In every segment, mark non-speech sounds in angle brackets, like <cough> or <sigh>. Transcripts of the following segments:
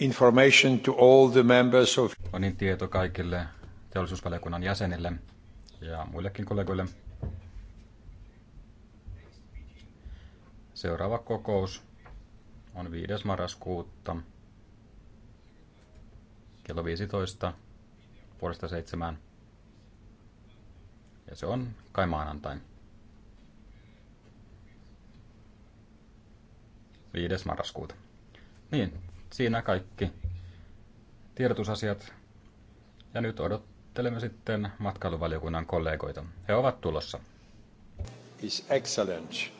information to all the members of... Annin tieto kaikille teollisuusvaliokunnan jäsenille ja muillekin kollegoille. Seuraava kokous on 5. marraskuuta kello 15 puolesta seitsemään. Ja se on kai maanantain. 5. marraskuuta. Niin, Siinä kaikki tiedotusasiat. Ja nyt odottelemme sitten matkailuvaliokunnan kollegoita. He ovat tulossa. His Excellency.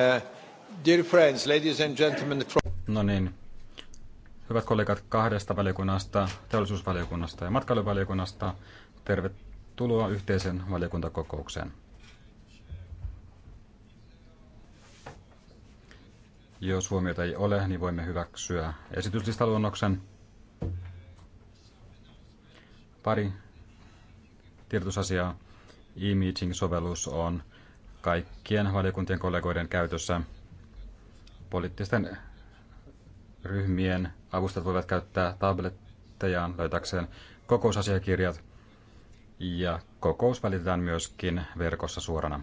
Uh, no niin. Hyvät kollegat kahdesta valiokunnasta, teollisuusvaliokunnasta ja matkailuvaliokunnasta, tervetuloa yhteisen valiokuntakokoukseen. Jos huomiota ei ole, niin voimme hyväksyä esityslistaluonnoksen. Pari tiedotusasiaa. E-meeting-sovellus on kaikkien valiokuntien kollegoiden käytössä. Poliittisten ryhmien avustajat voivat käyttää tablettejaan löytäkseen kokousasiakirjat ja kokous välitetään myöskin verkossa suorana.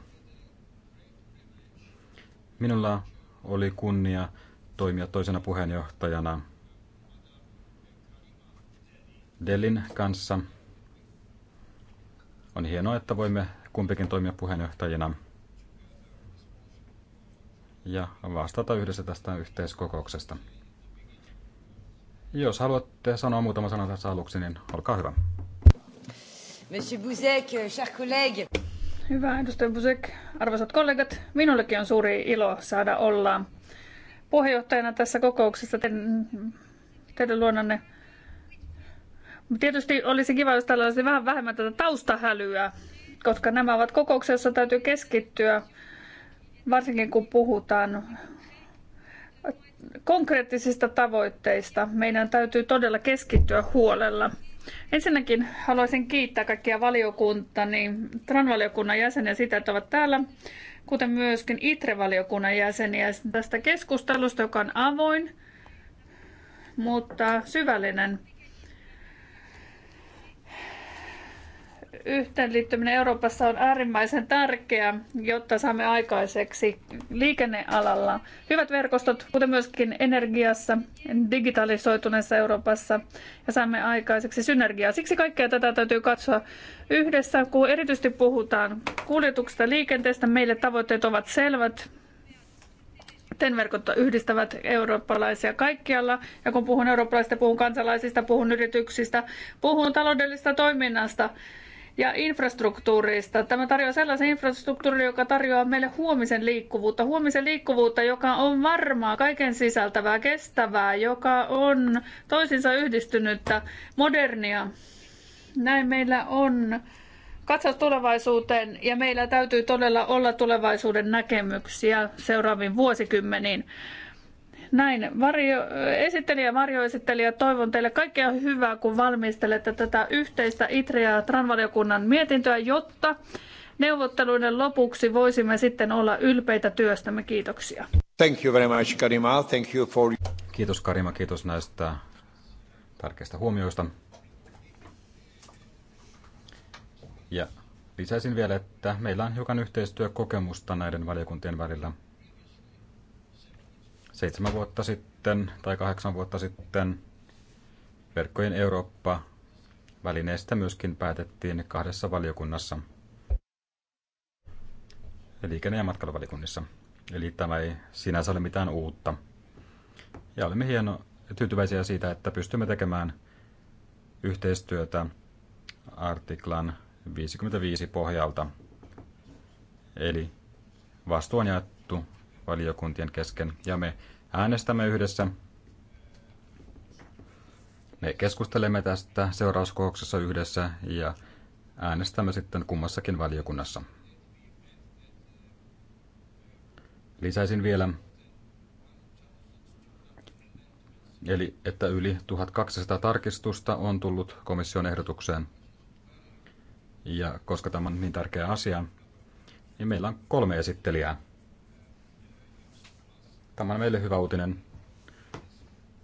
Minulla oli kunnia toimia toisena puheenjohtajana Delin kanssa. On hienoa, että voimme kumpikin toimia puheenjohtajina – ja vastata yhdessä tästä yhteiskokouksesta. Jos haluatte sanoa muutama sana tässä aluksi, niin olkaa hyvä. Monsieur Buzek, cher collègue. Hyvä edustaja Busek, arvoisat kollegat, minullekin on suuri ilo saada olla puheenjohtajana tässä kokouksessa teidän, teidän luonanne. Tietysti olisi kiva, jos täällä olisi vähän vähemmän tätä taustahälyä, koska nämä ovat kokouksessa täytyy keskittyä varsinkin kun puhutaan konkreettisista tavoitteista, meidän täytyy todella keskittyä huolella. Ensinnäkin haluaisin kiittää kaikkia valiokunta, niin TRAN-valiokunnan jäseniä sitä, että ovat täällä, kuten myöskin ITRE-valiokunnan jäseniä tästä keskustelusta, joka on avoin, mutta syvällinen. yhteenliittyminen Euroopassa on äärimmäisen tärkeää, jotta saamme aikaiseksi liikennealalla hyvät verkostot, kuten myöskin energiassa, digitalisoituneessa Euroopassa, ja saamme aikaiseksi synergiaa. Siksi kaikkea tätä täytyy katsoa yhdessä, kun erityisesti puhutaan kuljetuksesta liikenteestä. Meille tavoitteet ovat selvät. TEN-verkot yhdistävät eurooppalaisia kaikkialla. Ja kun puhun eurooppalaisista, puhun kansalaisista, puhun yrityksistä, puhun taloudellisesta toiminnasta ja infrastruktuurista. Tämä tarjoaa sellaisen infrastruktuurin, joka tarjoaa meille huomisen liikkuvuutta. Huomisen liikkuvuutta, joka on varmaa, kaiken sisältävää, kestävää, joka on toisinsa yhdistynyttä, modernia. Näin meillä on katsaus tulevaisuuteen ja meillä täytyy todella olla tulevaisuuden näkemyksiä seuraaviin vuosikymmeniin. Näin, varjo, esittelijä Marjo varjoesittelijä, toivon teille kaikkea hyvää, kun valmistelette tätä yhteistä ITRE- ja TRAN-valiokunnan mietintöä, jotta neuvotteluiden lopuksi voisimme sitten olla ylpeitä työstämme. Kiitoksia. Thank you very much, Karima. Thank you for... Kiitos Karima, kiitos näistä tärkeistä huomioista. Ja lisäisin vielä, että meillä on hiukan yhteistyökokemusta näiden valiokuntien välillä – seitsemän vuotta sitten tai kahdeksan vuotta sitten Verkkojen Eurooppa-välineestä myöskin päätettiin kahdessa valiokunnassa, liikenne- ja matkailuvalikunnissa. Eli tämä ei sinänsä ole mitään uutta. Ja olemme hieno tyytyväisiä siitä, että pystymme tekemään yhteistyötä artiklan 55 pohjalta. Eli vastuu on jaettu valiokuntien kesken ja me äänestämme yhdessä. Me keskustelemme tästä seurauskokouksessa yhdessä ja äänestämme sitten kummassakin valiokunnassa. Lisäisin vielä, eli että yli 1200 tarkistusta on tullut komission ehdotukseen. Ja koska tämä on niin tärkeä asia, niin meillä on kolme esittelijää. Tämä on meille hyvä uutinen.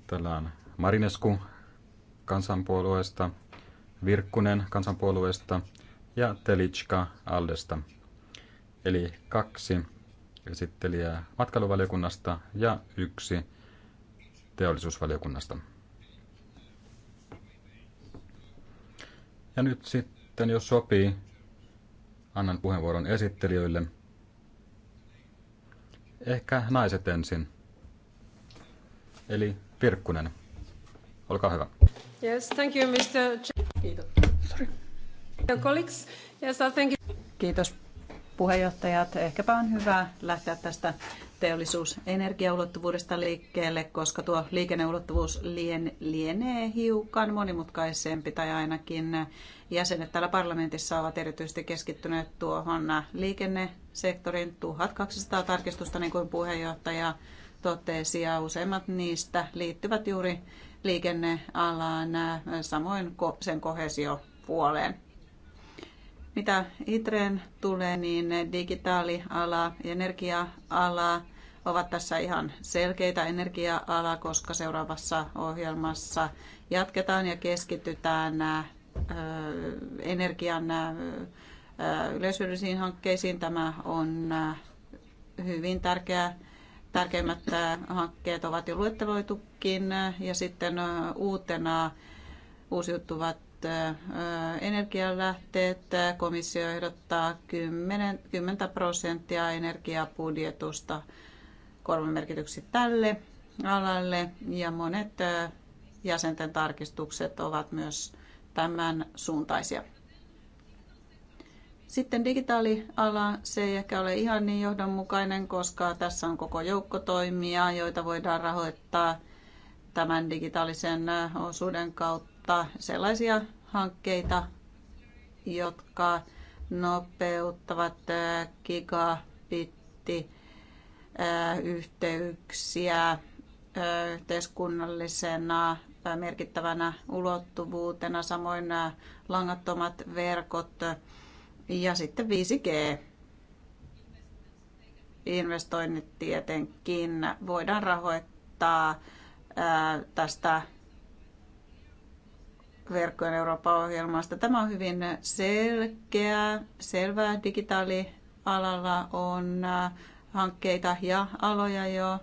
Täällä on Marinesku kansanpuolueesta, Virkkunen kansanpuolueesta ja Telitska Aldesta. Eli kaksi esittelijää matkailuvaliokunnasta ja yksi teollisuusvaliokunnasta. Ja nyt sitten, jos sopii, annan puheenvuoron esittelijöille – Ehkä naiset ensin. Eli Virkkunen, olkaa hyvä. Yes, thank you, Mr. Kiitos. Sorry. Colleagues, yes, thank you. Kiitos puheenjohtajat. Ehkäpä on hyvä lähteä tästä teollisuus, energiaulottuvuudesta liikkeelle, koska tuo liikenneulottuvuus lien, lienee hiukan monimutkaisempi tai ainakin jäsenet täällä parlamentissa ovat erityisesti keskittyneet tuohon liikennesektorin 1200 tarkistusta, niin kuin puheenjohtaja totesi, ja useimmat niistä liittyvät juuri liikennealaan, samoin sen kohesiopuoleen. Mitä ITREen tulee, niin digitaaliala, energia-ala ovat tässä ihan selkeitä energia-ala, koska seuraavassa ohjelmassa jatketaan ja keskitytään energian yleishyödyllisiin hankkeisiin. Tämä on hyvin tärkeä. Tärkeimmät hankkeet ovat jo luetteloitukin ja sitten uutena uusiutuvat energialähteet. Komissio ehdottaa 10, 10 prosenttia energiapudjetusta korvamerkityksi tälle alalle ja monet äh, jäsenten tarkistukset ovat myös tämän suuntaisia. Sitten digitaaliala, se ei ehkä ole ihan niin johdonmukainen, koska tässä on koko joukko toimia, joita voidaan rahoittaa tämän digitaalisen äh, osuuden kautta sellaisia hankkeita, jotka nopeuttavat äh, gigabitti yhteyksiä yhteiskunnallisena merkittävänä ulottuvuutena, samoin nämä langattomat verkot ja sitten 5G. Investoinnit tietenkin voidaan rahoittaa tästä verkkojen Euroopan ohjelmasta Tämä on hyvin selkeä, selvää digitaalialalla on hankkeita ja aloja jo,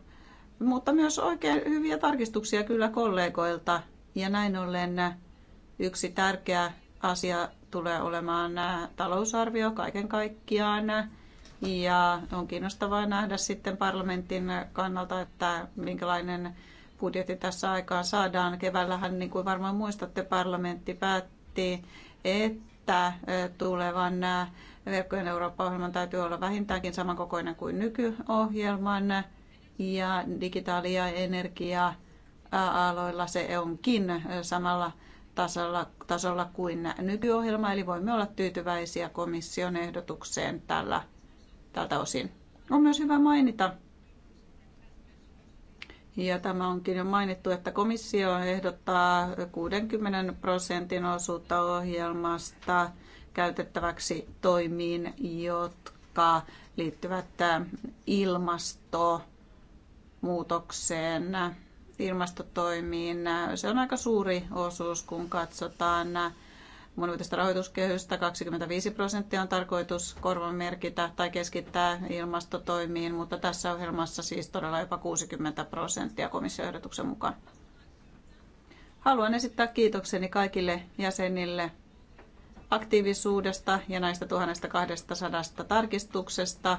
mutta myös oikein hyviä tarkistuksia kyllä kollegoilta. Ja näin ollen yksi tärkeä asia tulee olemaan äh, talousarvio kaiken kaikkiaan. Ja on kiinnostavaa nähdä sitten parlamentin kannalta, että minkälainen budjetti tässä aikaan saadaan. Keväällähän, niin kuin varmaan muistatte, parlamentti päätti, että äh, tulevan äh, Verkkojen Eurooppa-ohjelman täytyy olla vähintäänkin samankokoinen kuin nykyohjelman ja digitaali- ja energia-aloilla se onkin samalla tasolla, tasolla kuin nykyohjelma, eli voimme olla tyytyväisiä komission ehdotukseen tällä, tältä osin. On myös hyvä mainita, ja tämä onkin jo mainittu, että komissio ehdottaa 60 prosentin osuutta ohjelmasta käytettäväksi toimiin, jotka liittyvät ilmastomuutokseen, ilmastotoimiin. Se on aika suuri osuus, kun katsotaan monivuotista rahoituskehystä 25 prosenttia on tarkoitus korvamerkitä tai keskittää ilmastotoimiin, mutta tässä ohjelmassa siis todella jopa 60 prosenttia komission mukaan. Haluan esittää kiitokseni kaikille jäsenille aktiivisuudesta ja näistä 1200 tarkistuksesta.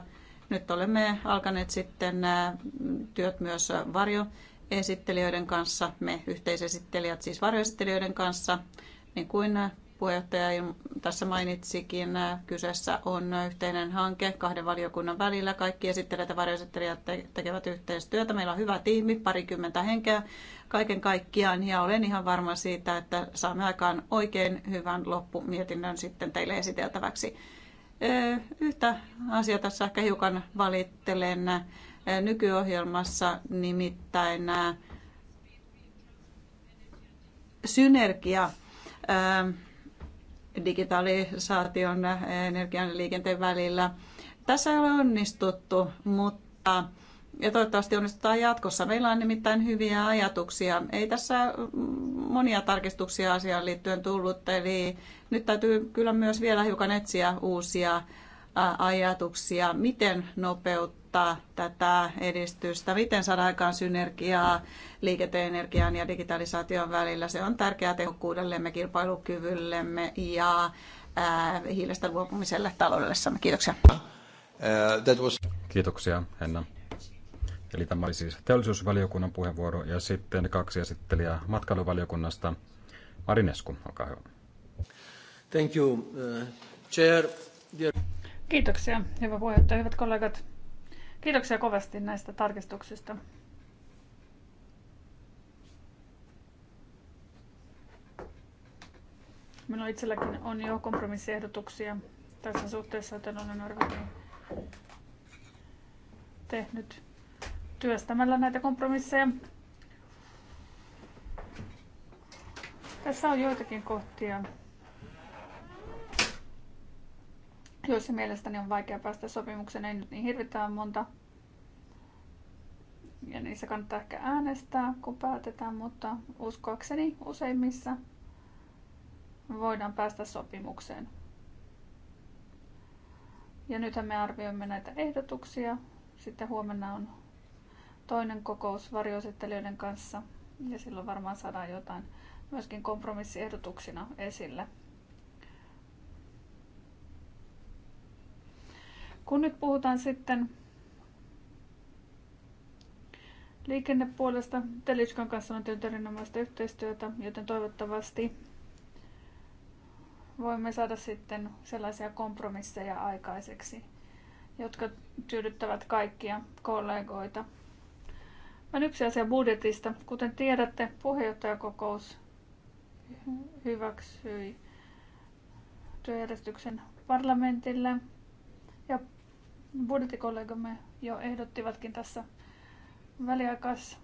Nyt olemme alkaneet sitten työt myös varjoesittelijöiden kanssa, me yhteisesittelijät siis varjoesittelijöiden kanssa, niin kuin puheenjohtaja tässä mainitsikin, kyseessä on yhteinen hanke kahden valiokunnan välillä. Kaikki esittelijät ja varjoesittelijät tekevät yhteistyötä. Meillä on hyvä tiimi, parikymmentä henkeä kaiken kaikkiaan ja olen ihan varma siitä, että saamme aikaan oikein hyvän loppumietinnön sitten teille esiteltäväksi. Yhtä asiaa tässä ehkä hiukan valittelen nykyohjelmassa, nimittäin synergia digitalisaation energian ja liikenteen välillä. Tässä ei ole onnistuttu, mutta ja toivottavasti onnistutaan jatkossa. Meillä on nimittäin hyviä ajatuksia. Ei tässä monia tarkistuksia asiaan liittyen tullut, eli nyt täytyy kyllä myös vielä hiukan etsiä uusia ajatuksia, miten nopeuttaa tätä edistystä, miten saada aikaan synergiaa energian ja digitalisaation välillä. Se on tärkeää tehokkuudellemme, kilpailukyvyllemme ja hiilestä luopumiselle taloudellessamme. Kiitoksia. Uh, Kiitoksia, Henna. Eli tämä oli siis teollisuusvaliokunnan puheenvuoro ja sitten kaksi esittelijää matkailuvaliokunnasta. Marinesku, olkaa hyvä. Thank you, uh, chair. Dear... Kiitoksia, hyvä puheenjohtaja, hyvät kollegat. Kiitoksia kovasti näistä tarkistuksista. Minulla itselläkin on jo kompromissiehdotuksia tässä suhteessa, joten olen arvioinut tehnyt työstämällä näitä kompromisseja. Tässä on joitakin kohtia, joissa mielestäni on vaikea päästä sopimukseen. Ei nyt niin hirvittävän monta. Ja niissä kannattaa ehkä äänestää, kun päätetään, mutta uskoakseni useimmissa voidaan päästä sopimukseen. Ja nythän me arvioimme näitä ehdotuksia. Sitten huomenna on toinen kokous varjoesittelijöiden kanssa ja silloin varmaan saadaan jotain myöskin kompromissiehdotuksina esille. Kun nyt puhutaan sitten liikennepuolesta, Telitskan kanssa on tehnyt erinomaista yhteistyötä, joten toivottavasti voimme saada sitten sellaisia kompromisseja aikaiseksi, jotka tyydyttävät kaikkia kollegoita. On yksi asia budjetista. Kuten tiedätte, puheenjohtajakokous hyväksyi työjärjestyksen parlamentille ja budjettikollegamme jo ehdottivatkin tässä väliaikais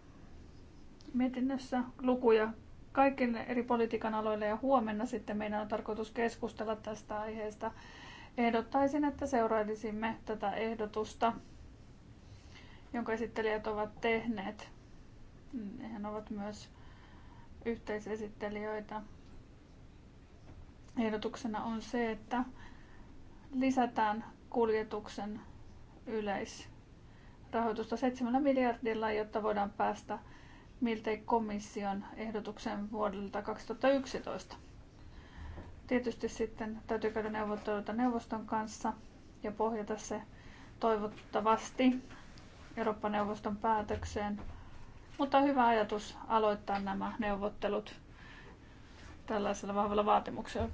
mietinnössä lukuja kaikille eri politiikan aloille ja huomenna sitten meidän on tarkoitus keskustella tästä aiheesta. Ehdottaisin, että seurailisimme tätä ehdotusta jonka esittelijät ovat tehneet. Nehän ovat myös yhteisesittelijöitä. Ehdotuksena on se, että lisätään kuljetuksen yleisrahoitusta 7 miljardilla, jotta voidaan päästä miltei komission ehdotuksen vuodelta 2011. Tietysti sitten täytyy käydä neuvotteluita neuvoston kanssa ja pohjata se toivottavasti Eurooppa-neuvoston päätökseen. Mutta hyvä ajatus aloittaa nämä neuvottelut tällaisella vahvalla vaatimuksella.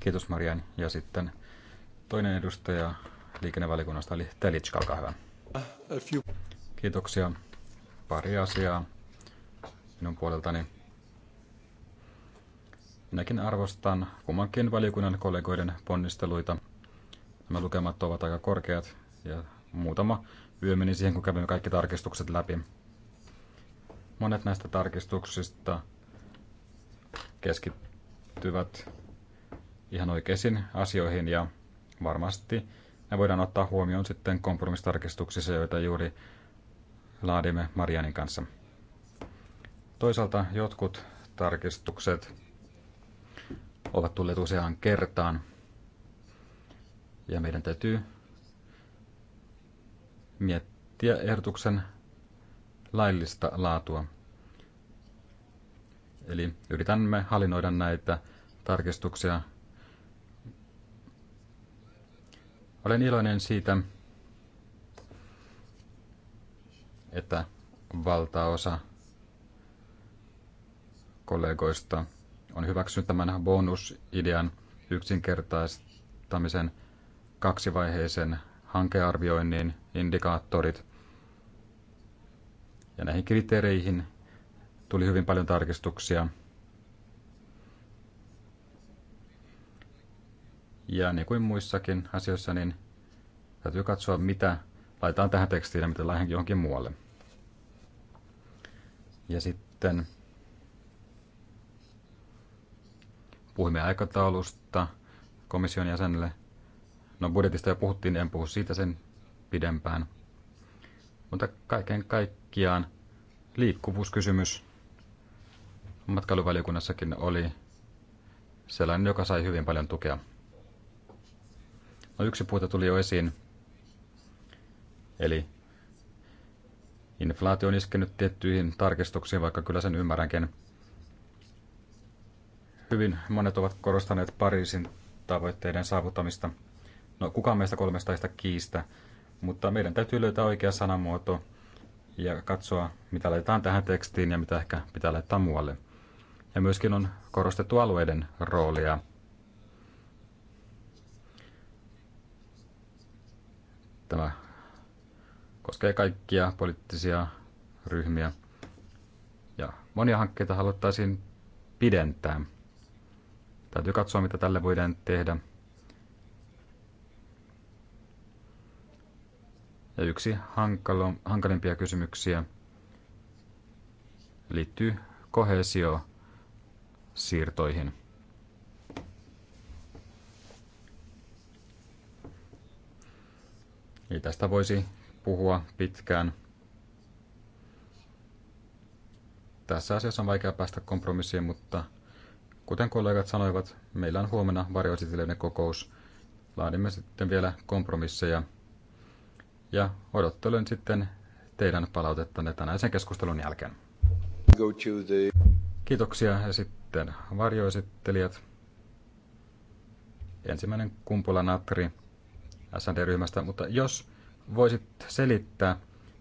Kiitos Marian. Ja sitten toinen edustaja liikennevalikunnasta oli Telitska, olkaa hyvä. Kiitoksia. Pari asiaa minun puoleltani. Minäkin arvostan kummankin valiokunnan kollegoiden ponnisteluita. Nämä lukemat ovat aika korkeat ja muutama yö meni siihen, kun kävimme kaikki tarkistukset läpi. Monet näistä tarkistuksista keskittyvät ihan oikeisiin asioihin ja varmasti ne voidaan ottaa huomioon sitten kompromistarkistuksissa, joita juuri laadimme Marianin kanssa. Toisaalta jotkut tarkistukset ovat tulleet useaan kertaan ja meidän täytyy miettiä ehdotuksen laillista laatua. Eli yritämme hallinnoida näitä tarkistuksia. Olen iloinen siitä, että valtaosa kollegoista on hyväksynyt tämän bonusidean yksinkertaistamisen kaksivaiheisen hankearvioinnin indikaattorit. Ja näihin kriteereihin tuli hyvin paljon tarkistuksia. Ja niin kuin muissakin asioissa, niin täytyy katsoa, mitä laitetaan tähän tekstiin ja mitä lähden johonkin muualle. Ja sitten puhumme aikataulusta komission jäsenelle. No budjetista jo puhuttiin, en puhu siitä sen pidempään. Mutta kaiken kaikkiaan liikkuvuuskysymys matkailuvaliokunnassakin oli sellainen, joka sai hyvin paljon tukea. No yksi puute tuli jo esiin, eli inflaatio on iskenyt tiettyihin tarkistuksiin, vaikka kyllä sen ymmärränkin. Hyvin monet ovat korostaneet Pariisin tavoitteiden saavuttamista. No kukaan meistä kolmesta ei sitä kiistä, mutta meidän täytyy löytää oikea sanamuoto ja katsoa, mitä laitetaan tähän tekstiin ja mitä ehkä pitää laittaa muualle. Ja myöskin on korostettu alueiden roolia. Tämä koskee kaikkia poliittisia ryhmiä. Ja monia hankkeita haluttaisiin pidentää. Täytyy katsoa, mitä tälle voidaan tehdä. Ja yksi hankalo, hankalimpia kysymyksiä liittyy kohesio-siirtoihin. Eli tästä voisi puhua pitkään. Tässä asiassa on vaikea päästä kompromissiin, mutta kuten kollegat sanoivat, meillä on huomenna varjoesitelijöiden kokous. Laadimme sitten vielä kompromisseja ja odottelen sitten teidän palautettanne tänäisen keskustelun jälkeen. Kiitoksia ja sitten varjoesittelijät. Ensimmäinen Kumpula Natri SND-ryhmästä, mutta jos voisit selittää,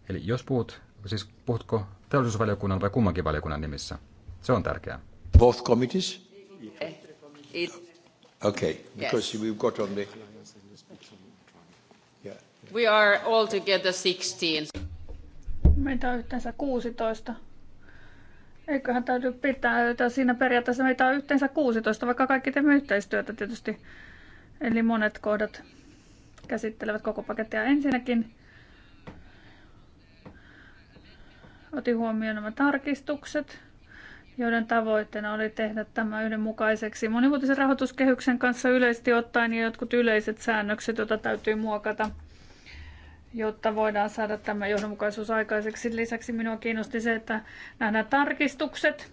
eli jos puhut, siis puhutko teollisuusvaliokunnan vai kummankin valiokunnan nimissä? Se on tärkeää. Both committees? Eh, okay, because we've got on the We are all together 16. Meitä on yhteensä 16. Eiköhän täytyy pitää, että siinä periaatteessa meitä on yhteensä 16, vaikka kaikki teemme yhteistyötä tietysti. Eli monet kohdat käsittelevät koko pakettia. Ensinnäkin otin huomioon nämä tarkistukset, joiden tavoitteena oli tehdä tämä yhdenmukaiseksi monivuotisen rahoituskehyksen kanssa yleisesti ottaen ja jotkut yleiset säännökset, joita täytyy muokata – jotta voidaan saada tämä johdonmukaisuus aikaiseksi. Lisäksi minua kiinnosti se, että nähdään tarkistukset.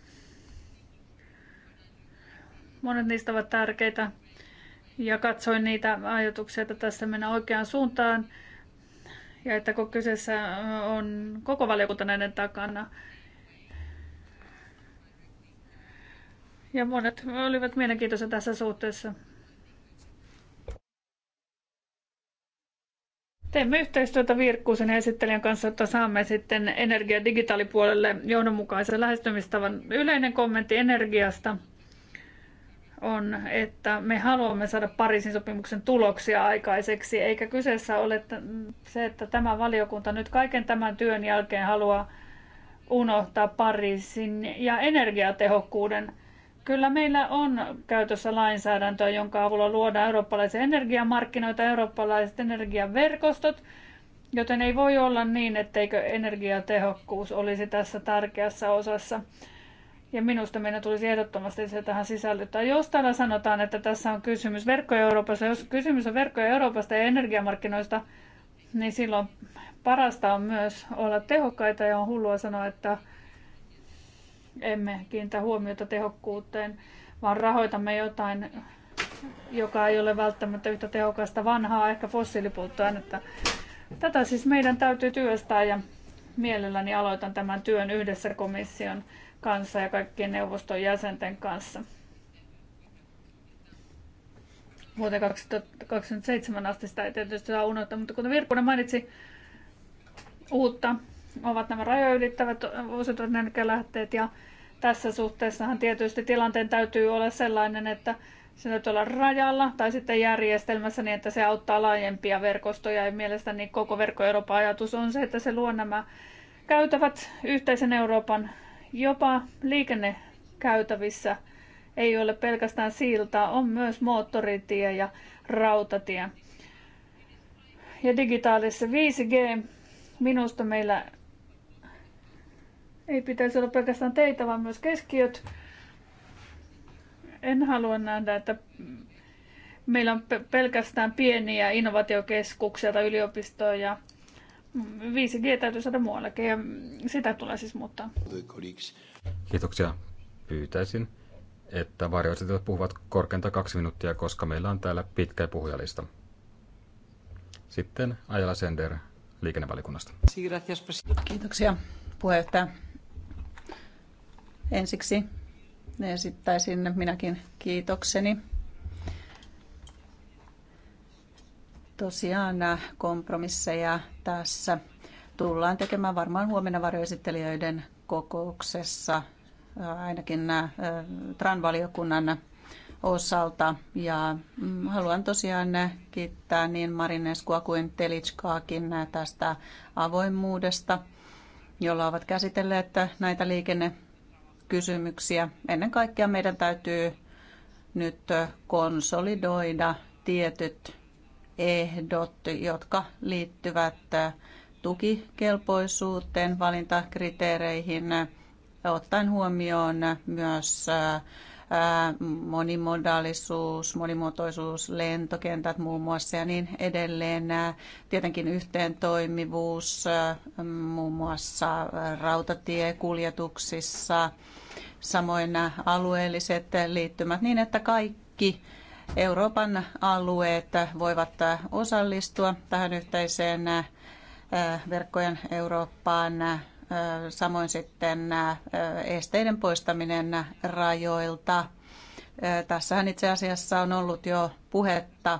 Monet niistä ovat tärkeitä ja katsoin niitä ajatuksia, että tässä mennään oikeaan suuntaan ja että kun kyseessä on koko valiokunta näiden takana. Ja monet olivat mielenkiintoisia tässä suhteessa. Teemme yhteistyötä Virkkuusen esittelijän kanssa, jotta saamme sitten energia- digitaalipuolelle johdonmukaisen lähestymistavan. Yleinen kommentti energiasta on, että me haluamme saada Pariisin sopimuksen tuloksia aikaiseksi, eikä kyseessä ole se, että tämä valiokunta nyt kaiken tämän työn jälkeen haluaa unohtaa Pariisin ja energiatehokkuuden. Kyllä meillä on käytössä lainsäädäntöä, jonka avulla luodaan eurooppalaisia energiamarkkinoita, eurooppalaiset energiaverkostot, joten ei voi olla niin, etteikö energiatehokkuus olisi tässä tärkeässä osassa. Ja minusta meidän tulisi ehdottomasti se tähän sisällyttää. Jos täällä sanotaan, että tässä on kysymys verkkoja Euroopassa, jos kysymys on verkkoja Euroopasta ja energiamarkkinoista, niin silloin parasta on myös olla tehokkaita ja on hullua sanoa, että emme kiinnitä huomiota tehokkuuteen, vaan rahoitamme jotain, joka ei ole välttämättä yhtä tehokasta vanhaa, ehkä fossiilipolttoainetta. Tätä siis meidän täytyy työstää ja mielelläni aloitan tämän työn yhdessä komission kanssa ja kaikkien neuvoston jäsenten kanssa. Vuoteen 2027 asti sitä ei tietysti saa unohtaa, mutta kuten Virkkunen mainitsi, uutta ovat nämä rajoja ylittävät uusiutuvat energialähteet ja tässä suhteessahan tietysti tilanteen täytyy olla sellainen, että se täytyy olla rajalla tai sitten järjestelmässä niin, että se auttaa laajempia verkostoja. Ja mielestäni koko verkko Euroopan ajatus on se, että se luo nämä käytävät yhteisen Euroopan jopa liikennekäytävissä ei ole pelkästään siltaa, on myös moottoritie ja rautatie. Ja digitaalisessa 5G, minusta meillä ei pitäisi olla pelkästään teitä, vaan myös keskiöt. En halua nähdä, että meillä on pelkästään pieniä innovaatiokeskuksia tai yliopistoja. 5G täytyy saada muuallekin ja sitä tulee siis muuttaa. Kiitoksia. Pyytäisin, että varjoesittelijät puhuvat korkeinta kaksi minuuttia, koska meillä on täällä pitkä puhujalista. Sitten Ajala Sender liikennevalikunnasta. Kiitoksia puheenjohtaja. Ensiksi esittäisin minäkin kiitokseni. Tosiaan kompromisseja tässä tullaan tekemään varmaan huomenna varjoesittelijöiden kokouksessa äh, ainakin nämä äh, TRAN-valiokunnan osalta. Ja mm, haluan tosiaan kiittää niin Marineskua kuin Telitskaakin tästä avoimuudesta, jolla ovat käsitelleet näitä liikenne kysymyksiä. Ennen kaikkea meidän täytyy nyt konsolidoida tietyt ehdot, jotka liittyvät tukikelpoisuuteen, valintakriteereihin, ottaen huomioon myös monimodaalisuus, monimuotoisuus, lentokentät muun muassa ja niin edelleen. Tietenkin yhteentoimivuus muun muassa rautatiekuljetuksissa, samoin alueelliset liittymät niin, että kaikki Euroopan alueet voivat osallistua tähän yhteiseen verkkojen Eurooppaan samoin sitten esteiden poistaminen rajoilta. Tässähän itse asiassa on ollut jo puhetta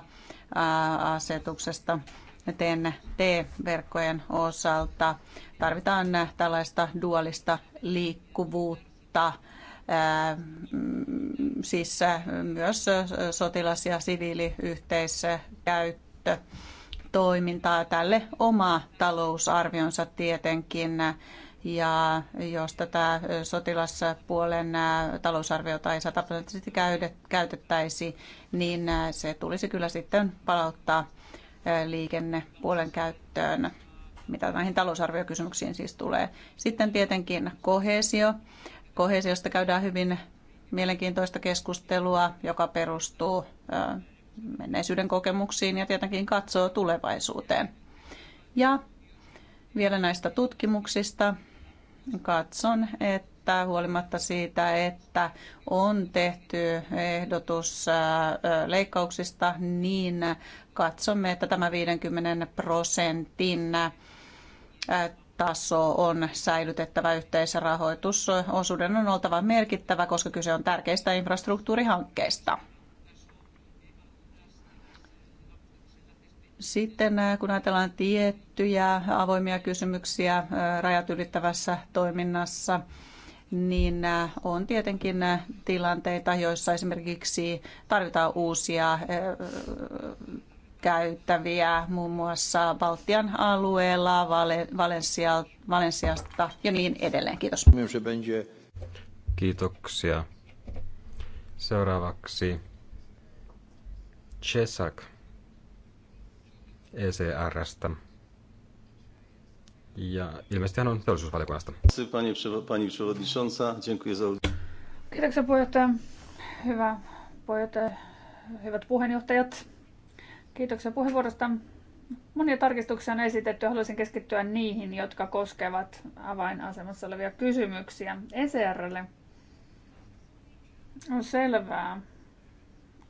asetuksesta tnt verkkojen osalta. Tarvitaan tällaista dualista liikkuvuutta, mm, siis myös sotilas- ja siviiliyhteiskäyttö toimintaa tälle oma talousarvionsa tietenkin. Ja jos tätä sotilaspuolen talousarviota ei sataprosenttisesti käytettäisi, niin se tulisi kyllä sitten palauttaa liikennepuolen käyttöön, mitä näihin talousarviokysymyksiin siis tulee. Sitten tietenkin kohesio. Kohesiosta käydään hyvin mielenkiintoista keskustelua, joka perustuu menneisyyden kokemuksiin ja tietenkin katsoo tulevaisuuteen. Ja vielä näistä tutkimuksista katson, että huolimatta siitä, että on tehty ehdotus leikkauksista, niin katsomme, että tämä 50 prosentin taso on säilytettävä Osuuden on oltava merkittävä, koska kyse on tärkeistä infrastruktuurihankkeista. Sitten äh, kun ajatellaan tiettyjä avoimia kysymyksiä äh, rajat ylittävässä toiminnassa, niin äh, on tietenkin tilanteita, joissa esimerkiksi tarvitaan uusia käyttäviä muun muassa Baltian alueella, Valensiasta ja niin edelleen. Kiitos. Kiitoksia. Seuraavaksi Chesak ECRstä. Ja ilmeisesti hän on teollisuusvaliokunnasta. Pani przewodnicząca, dziękuję za... Kiitoksia puheenjohtaja. Hyvä puheenjohtaja. Hyvät puheenjohtajat, kiitoksia puheenvuorosta. Monia tarkistuksia on esitetty haluaisin keskittyä niihin, jotka koskevat avainasemassa olevia kysymyksiä ECRlle. On selvää,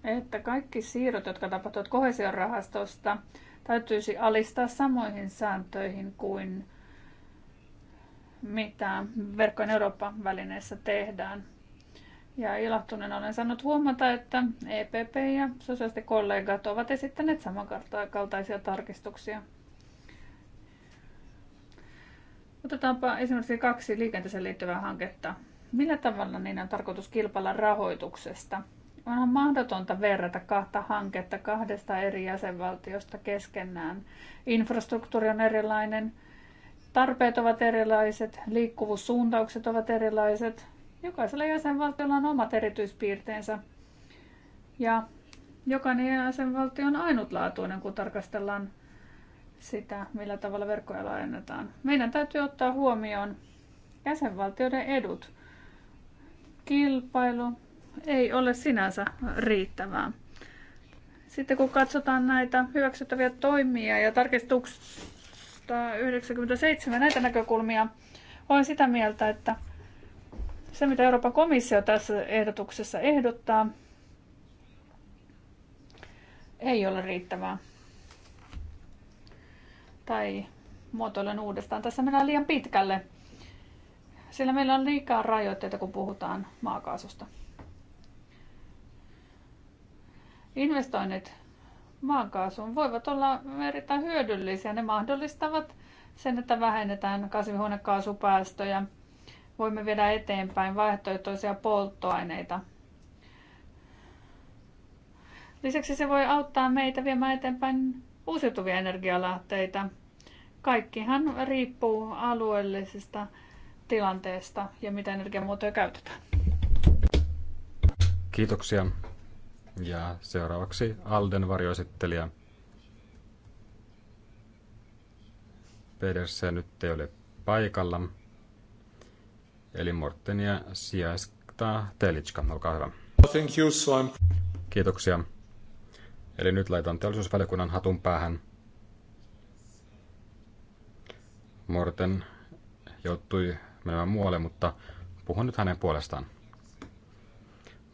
että kaikki siirrot, jotka tapahtuvat kohesiorahastosta, rahastosta täytyisi alistaa samoihin sääntöihin kuin mitä Verkkojen Euroopan välineessä tehdään. Ja ilahtuneena olen saanut huomata, että EPP ja sosiaalisten kollegat ovat esittäneet samankaltaisia tarkistuksia. Otetaanpa esimerkiksi kaksi liikenteeseen liittyvää hanketta. Millä tavalla niin on tarkoitus kilpailla rahoituksesta – Onhan mahdotonta verrata kahta hanketta kahdesta eri jäsenvaltiosta keskenään. Infrastruktuuri on erilainen, tarpeet ovat erilaiset, liikkuvuussuuntaukset ovat erilaiset. Jokaisella jäsenvaltiolla on omat erityispiirteensä. Ja jokainen jäsenvaltio on ainutlaatuinen, kun tarkastellaan sitä, millä tavalla verkkoja laajennetaan. Meidän täytyy ottaa huomioon jäsenvaltioiden edut. Kilpailu, ei ole sinänsä riittävää. Sitten kun katsotaan näitä hyväksyttäviä toimia ja tarkistuksesta 97 näitä näkökulmia, olen sitä mieltä, että se mitä Euroopan komissio tässä ehdotuksessa ehdottaa, ei ole riittävää. Tai muotoilen uudestaan. Tässä mennään liian pitkälle, sillä meillä on liikaa rajoitteita, kun puhutaan maakaasusta. Investoinnit maakaasuun voivat olla erittäin hyödyllisiä. Ne mahdollistavat sen, että vähennetään kasvihuonekaasupäästöjä. Voimme viedä eteenpäin vaihtoehtoisia polttoaineita. Lisäksi se voi auttaa meitä viemään eteenpäin uusiutuvia energialähteitä. Kaikkihan riippuu alueellisesta tilanteesta ja mitä energiamuotoja käytetään. Kiitoksia. Ja seuraavaksi Alden varjoesittelijä. Pedersen nyt ei ole paikalla. Eli Mortenia sijaistaa Telitska, olkaa hyvä. Thank you, so Kiitoksia. Eli nyt laitan teollisuusvaliokunnan hatun päähän. Morten joutui menemään muualle, mutta puhun nyt hänen puolestaan.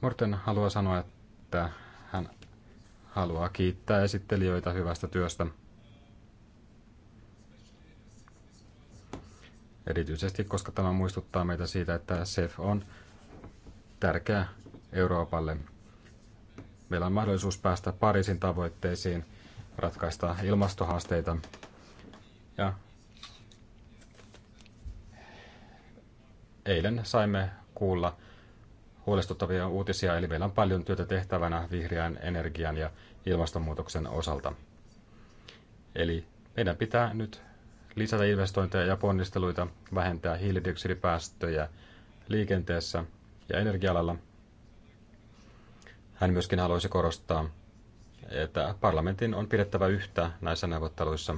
Morten haluaa sanoa, että että hän haluaa kiittää esittelijöitä hyvästä työstä. Erityisesti, koska tämä muistuttaa meitä siitä, että SEF on tärkeä Euroopalle. Meillä on mahdollisuus päästä Pariisin tavoitteisiin, ratkaista ilmastohaasteita ja eilen saimme kuulla huolestuttavia uutisia, eli meillä on paljon työtä tehtävänä vihreän energian ja ilmastonmuutoksen osalta. Eli meidän pitää nyt lisätä investointeja ja ponnisteluita, vähentää hiilidioksidipäästöjä liikenteessä ja energialalla. Hän myöskin haluaisi korostaa, että parlamentin on pidettävä yhtä näissä neuvotteluissa.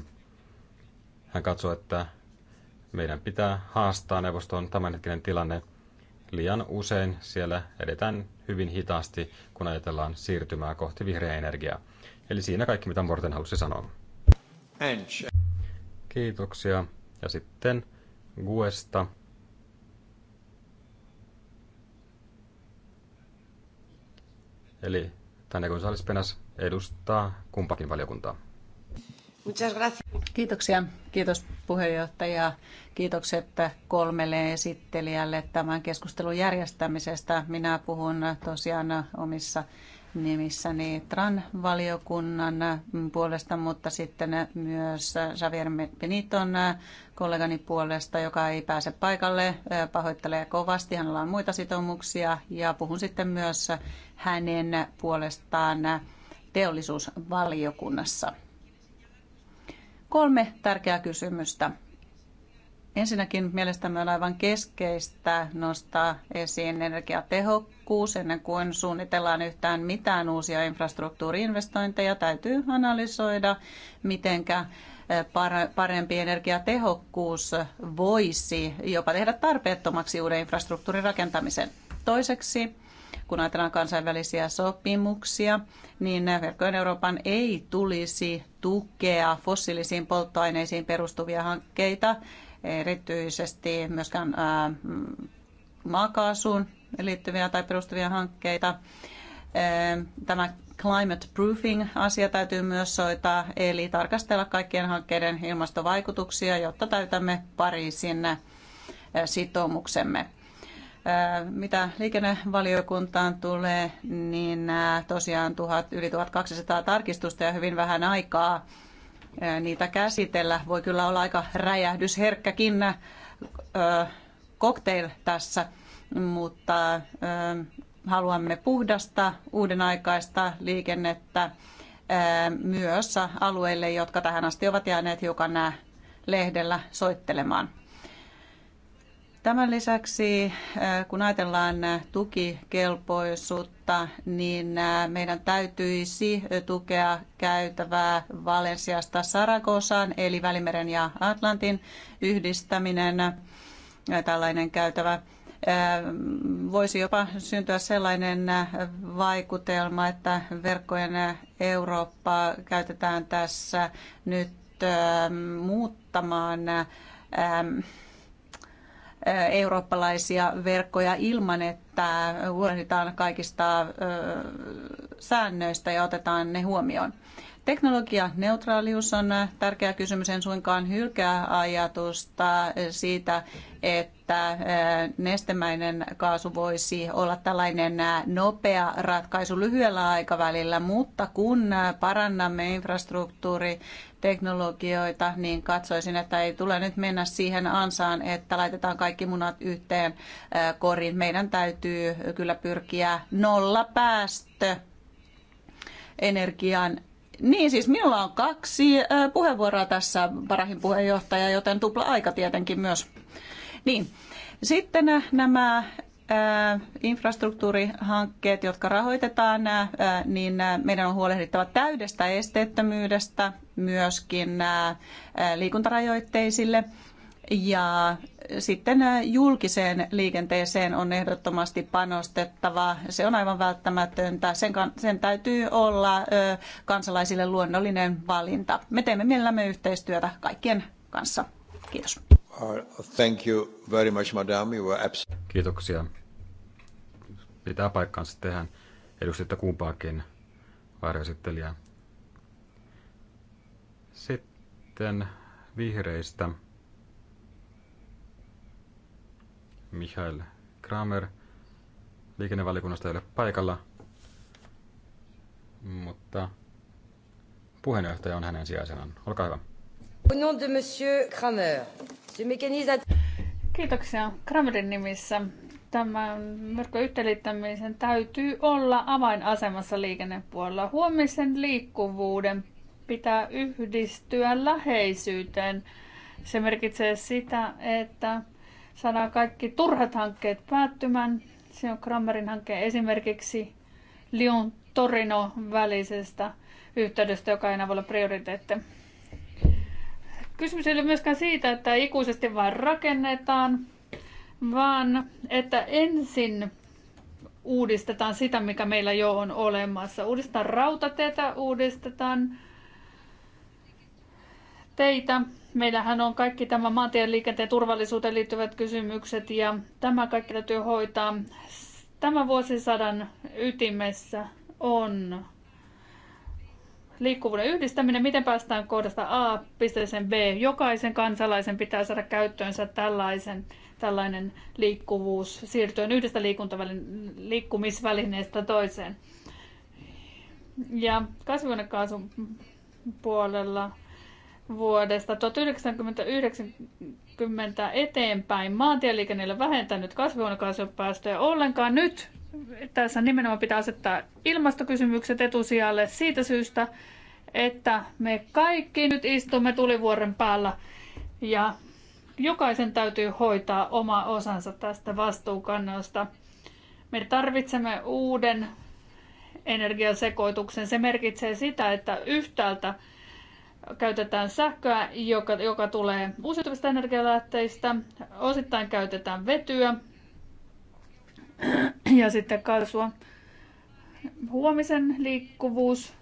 Hän katsoo, että meidän pitää haastaa neuvoston tämänhetkinen tilanne liian usein siellä edetään hyvin hitaasti, kun ajatellaan siirtymää kohti vihreää energiaa. Eli siinä kaikki, mitä Morten halusi sanoa. Kiitoksia. Ja sitten Guesta. Eli tänne kun Penas edustaa kumpakin valiokuntaa. Muchas gracias. Kiitoksia. Kiitos puheenjohtaja. Kiitokset kolmelle esittelijälle tämän keskustelun järjestämisestä. Minä puhun tosiaan omissa nimissäni TRAN-valiokunnan puolesta, mutta sitten myös Javier Beniton kollegani puolesta, joka ei pääse paikalle, pahoittelee kovasti, hänellä on muita sitoumuksia ja puhun sitten myös hänen puolestaan teollisuusvaliokunnassa. Kolme tärkeää kysymystä. Ensinnäkin mielestämme on aivan keskeistä nostaa esiin energiatehokkuus. Ennen kuin suunnitellaan yhtään mitään uusia infrastruktuuriinvestointeja, täytyy analysoida, mitenkä eh, parempi energiatehokkuus voisi jopa tehdä tarpeettomaksi uuden infrastruktuurin rakentamisen. Toiseksi kun ajatellaan kansainvälisiä sopimuksia, niin verkkojen Euroopan ei tulisi tukea fossiilisiin polttoaineisiin perustuvia hankkeita, erityisesti myöskään maakaasuun liittyviä tai perustuvia hankkeita. Tämä climate proofing-asia täytyy myös soittaa eli tarkastella kaikkien hankkeiden ilmastovaikutuksia, jotta täytämme Pariisin sitoumuksemme. Mitä liikennevaliokuntaan tulee, niin tosiaan tuhat, yli 1200 tarkistusta ja hyvin vähän aikaa niitä käsitellä. Voi kyllä olla aika räjähdysherkkäkin kokteil tässä, mutta haluamme puhdasta, uuden aikaista liikennettä myös alueille, jotka tähän asti ovat jääneet hiukan lehdellä soittelemaan. Tämän lisäksi, äh, kun ajatellaan äh, tukikelpoisuutta, niin äh, meidän täytyisi tukea käytävää Valensiasta Saragosaan, eli Välimeren ja Atlantin yhdistäminen, tällainen käytävä. Voisi jopa syntyä sellainen vaikutelma, että verkkojen Eurooppa käytetään tässä nyt muuttamaan eurooppalaisia verkkoja ilman, että huolehditaan kaikista säännöistä ja otetaan ne huomioon. Teknologianeutraalius on tärkeä kysymys. En suinkaan hylkää ajatusta siitä, että eh, nestemäinen kaasu voisi olla tällainen eh, nopea ratkaisu lyhyellä aikavälillä, mutta kun parannamme infrastruktuuri teknologioita, niin katsoisin, että ei tule nyt mennä siihen ansaan, että laitetaan kaikki munat yhteen eh, koriin. Meidän täytyy kyllä pyrkiä nolla päästö energian niin siis minulla on kaksi puheenvuoroa tässä, parahin puheenjohtaja, joten tupla aika tietenkin myös. Niin, sitten äh, nämä infrastruktuurihankkeet, jotka rahoitetaan, äh, niin äh, meidän on huolehdittava täydestä esteettömyydestä myöskin liikuntarajoitteisille ja sitten äh, julkiseen liikenteeseen on ehdottomasti panostettava. Se on aivan välttämätöntä. Sen, sen täytyy olla kansalaisille luonnollinen valinta. Me teemme mielellämme yhteistyötä kaikkien kanssa. Kiitos. Uh, thank you very much, madam. You were absent. Kiitoksia. Pitää paikkaansa tehän. edustetta kumpaakin varjoesittelijää. Sitten vihreistä. Michael Kramer liikennevalikunnasta ei ole paikalla, mutta puheenjohtaja on hänen sijaisenaan. Olkaa hyvä. Kiitoksia. Kramerin nimissä tämän verkkoyhtelittämisen täytyy olla avainasemassa liikennepuolella. Huomisen liikkuvuuden pitää yhdistyä läheisyyteen. Se merkitsee sitä, että saadaan kaikki turhat hankkeet päättymään. Se on Grammarin hanke esimerkiksi Lyon Torino välisestä yhteydestä, joka ei enää voi olla prioriteetti. Kysymys ei ole myöskään siitä, että ikuisesti vain rakennetaan, vaan että ensin uudistetaan sitä, mikä meillä jo on olemassa. Uudistetaan rautateitä, uudistetaan teitä, Meillähän on kaikki tämä maantien liikenteen turvallisuuteen liittyvät kysymykset ja tämä kaikki täytyy hoitaa. Tämän vuosisadan ytimessä on liikkuvuuden yhdistäminen, miten päästään kohdasta A pisteeseen B. Jokaisen kansalaisen pitää saada käyttöönsä tällaisen, tällainen liikkuvuus siirtyen yhdestä liikkumisvälineestä toiseen. Ja kasvihuonekaasun puolella vuodesta 1990 eteenpäin maantieliikenneellä vähentänyt kasvihuonekaasupäästöjä ollenkaan. Nyt tässä nimenomaan pitää asettaa ilmastokysymykset etusijalle siitä syystä, että me kaikki nyt istumme tulivuoren päällä ja jokaisen täytyy hoitaa oma osansa tästä vastuukannosta. Me tarvitsemme uuden energiasekoituksen. Se merkitsee sitä, että yhtäältä käytetään sähköä, joka, joka tulee uusiutuvista energialähteistä, osittain käytetään vetyä ja sitten kasvua. Huomisen liikkuvuus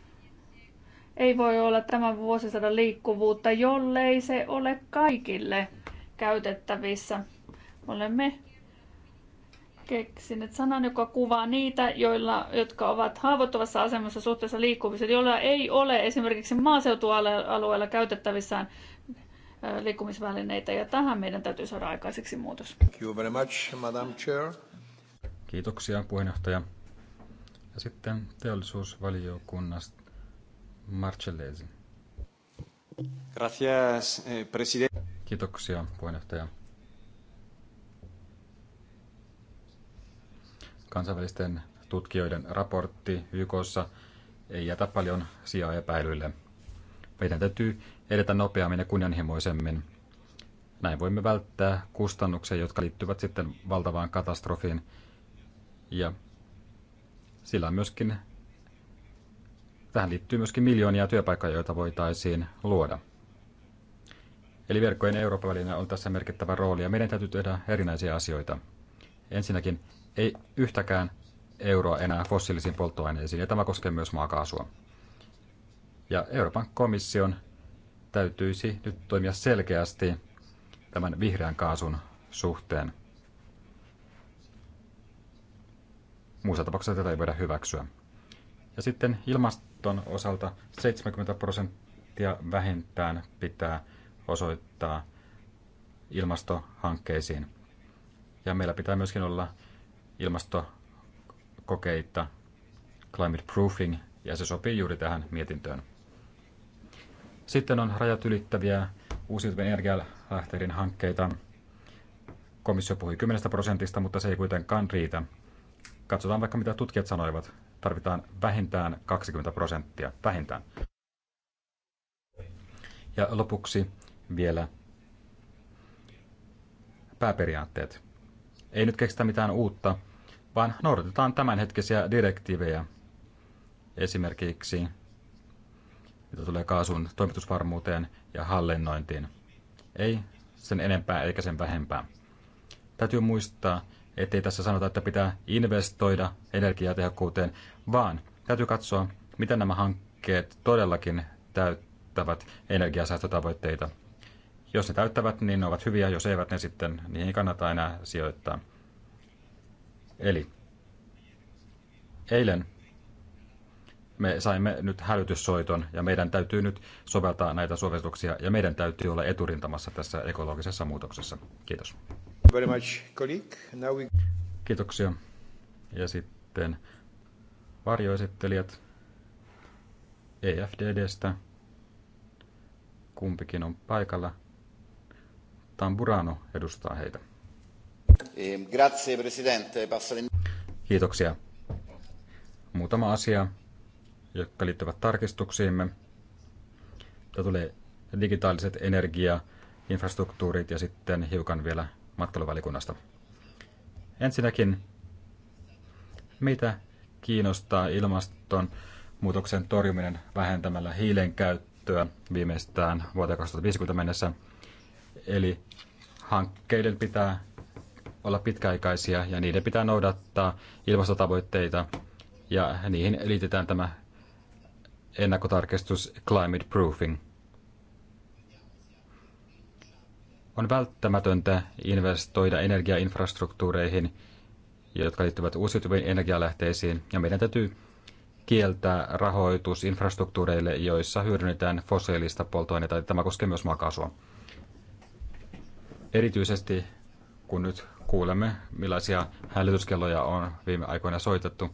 ei voi olla tämän vuosisadan liikkuvuutta, jollei se ole kaikille käytettävissä. Olemme keksin, että sanan, joka kuvaa niitä, joilla, jotka ovat haavoittuvassa asemassa suhteessa liikkumiseen, joilla ei ole esimerkiksi maaseutualueella käytettävissään liikkumisvälineitä, ja tähän meidän täytyy saada aikaiseksi muutos. Thank you very much, Madam Chair. Kiitoksia, puheenjohtaja. Ja sitten teollisuusvaliokunnasta Marcellesi. Gracias, eh, Presidente. Kiitoksia, puheenjohtaja. Kansainvälisten tutkijoiden raportti YKssa ei jätä paljon sijaa epäilyille. Meidän täytyy edetä nopeammin ja kunnianhimoisemmin. Näin voimme välttää kustannuksia, jotka liittyvät sitten valtavaan katastrofiin. Ja sillä on myöskin, tähän liittyy myöskin miljoonia työpaikkoja, joita voitaisiin luoda. Eli verkkojen Euroopan on tässä merkittävä rooli ja meidän täytyy tehdä erinäisiä asioita. Ensinnäkin ei yhtäkään euroa enää fossiilisiin polttoaineisiin, ja tämä koskee myös maakaasua. Ja Euroopan komission täytyisi nyt toimia selkeästi tämän vihreän kaasun suhteen. Muussa tapauksessa tätä ei voida hyväksyä. Ja sitten ilmaston osalta 70 prosenttia vähintään pitää osoittaa ilmastohankkeisiin. Ja meillä pitää myöskin olla ilmastokokeita, climate proofing, ja se sopii juuri tähän mietintöön. Sitten on rajat ylittäviä uusiutuvien energialähteiden hankkeita. Komissio puhui 10 prosentista, mutta se ei kuitenkaan riitä. Katsotaan vaikka mitä tutkijat sanoivat. Tarvitaan vähintään 20 prosenttia. Vähintään. Ja lopuksi vielä pääperiaatteet. Ei nyt keksitä mitään uutta, vaan noudatetaan tämänhetkisiä direktiivejä. Esimerkiksi mitä tulee kaasun toimitusvarmuuteen ja hallinnointiin. Ei sen enempää eikä sen vähempää. Täytyy muistaa, ettei tässä sanota, että pitää investoida energiatehokkuuteen, vaan täytyy katsoa, miten nämä hankkeet todellakin täyttävät energiasäästötavoitteita. Jos ne täyttävät, niin ne ovat hyviä, jos eivät, ne sitten niihin kannata enää sijoittaa. Eli eilen me saimme nyt hälytyssoiton ja meidän täytyy nyt soveltaa näitä suosituksia ja meidän täytyy olla eturintamassa tässä ekologisessa muutoksessa. Kiitos. Very much, Now we... Kiitoksia. Ja sitten varjoesittelijät EFDDstä. Kumpikin on paikalla. Tamburano edustaa heitä. Ehm, grazie, presidente. Kiitoksia. Muutama asia, jotka liittyvät tarkistuksiimme. Tämä tulee digitaaliset energia, infrastruktuurit ja sitten hiukan vielä matkailuvälikunnasta. Ensinnäkin, mitä kiinnostaa ilmastonmuutoksen torjuminen vähentämällä hiilen käyttöä viimeistään vuoteen 2050 mennessä? Eli hankkeiden pitää olla pitkäaikaisia ja niiden pitää noudattaa ilmastotavoitteita ja niihin liitetään tämä ennakkotarkistus climate proofing. On välttämätöntä investoida energiainfrastruktuureihin, jotka liittyvät uusiutuviin energialähteisiin, ja meidän täytyy kieltää rahoitus infrastruktuureille, joissa hyödynnetään fossiilista polttoainetta. Tämä koskee myös maakaasua. Erityisesti kun nyt kuulemme, millaisia hälytyskelloja on viime aikoina soitettu,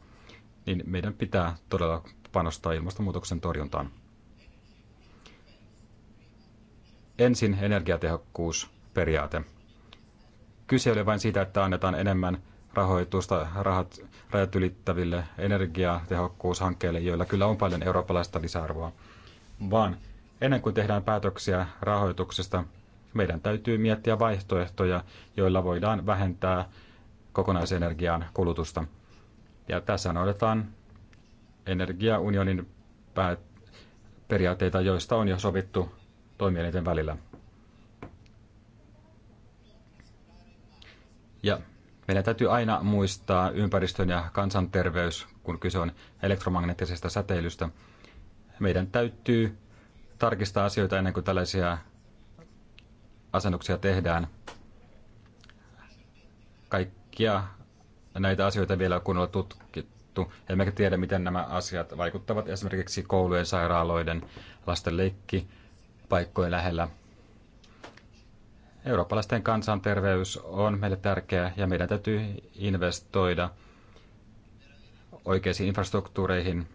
niin meidän pitää todella panostaa ilmastonmuutoksen torjuntaan. Ensin energiatehokkuusperiaate. Kyse oli vain siitä, että annetaan enemmän rahoitusta rahat, rajat ylittäville energiatehokkuushankkeille, joilla kyllä on paljon eurooppalaista lisäarvoa, vaan ennen kuin tehdään päätöksiä rahoituksesta, meidän täytyy miettiä vaihtoehtoja, joilla voidaan vähentää kokonaisenergian kulutusta. Ja tässä noudetaan energiaunionin periaatteita, joista on jo sovittu toimielinten välillä. Ja meidän täytyy aina muistaa ympäristön ja kansanterveys, kun kyse on elektromagneettisesta säteilystä. Meidän täytyy tarkistaa asioita ennen kuin tällaisia asennuksia tehdään. Kaikkia näitä asioita vielä kunnolla tutkittu. Emmekä tiedä, miten nämä asiat vaikuttavat esimerkiksi koulujen, sairaaloiden, lasten paikkojen lähellä. Eurooppalaisten kansanterveys on meille tärkeää ja meidän täytyy investoida oikeisiin infrastruktuureihin.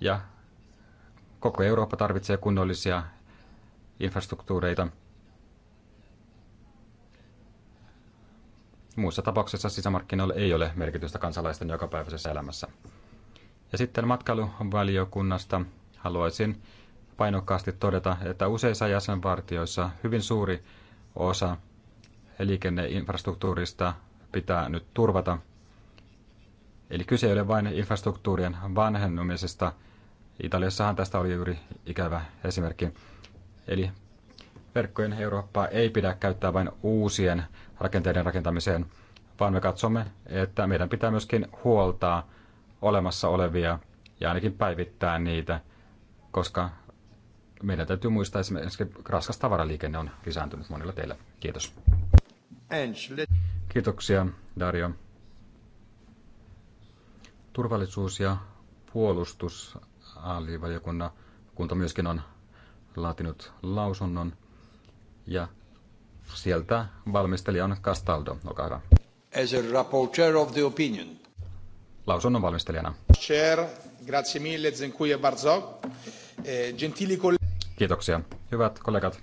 Ja koko Eurooppa tarvitsee kunnollisia infrastruktuureita. Muussa tapauksessa sisämarkkinoilla ei ole merkitystä kansalaisten jokapäiväisessä elämässä. Ja sitten matkailuvaliokunnasta haluaisin painokkaasti todeta, että useissa jäsenvartioissa hyvin suuri osa liikenneinfrastruktuurista pitää nyt turvata. Eli kyse ei ole vain infrastruktuurien vanhennumisesta. Italiassahan tästä oli juuri ikävä esimerkki, Eli verkkojen Eurooppaa ei pidä käyttää vain uusien rakenteiden rakentamiseen, vaan me katsomme, että meidän pitää myöskin huoltaa olemassa olevia ja ainakin päivittää niitä, koska meidän täytyy muistaa esimerkiksi raskas tavaraliikenne on lisääntynyt monilla teillä. Kiitos. Kiitoksia, Dario. Turvallisuus ja puolustus valiokunnan kunta myöskin on laatinut lausunnon ja sieltä valmistelija on Castaldo. Olkaa hyvä. As a rapporteur of the opinion. Lausunnon valmistelijana. Chair, grazie mille, Zenkuja Barzog. Eh, gentili Kiitoksia. Hyvät kollegat,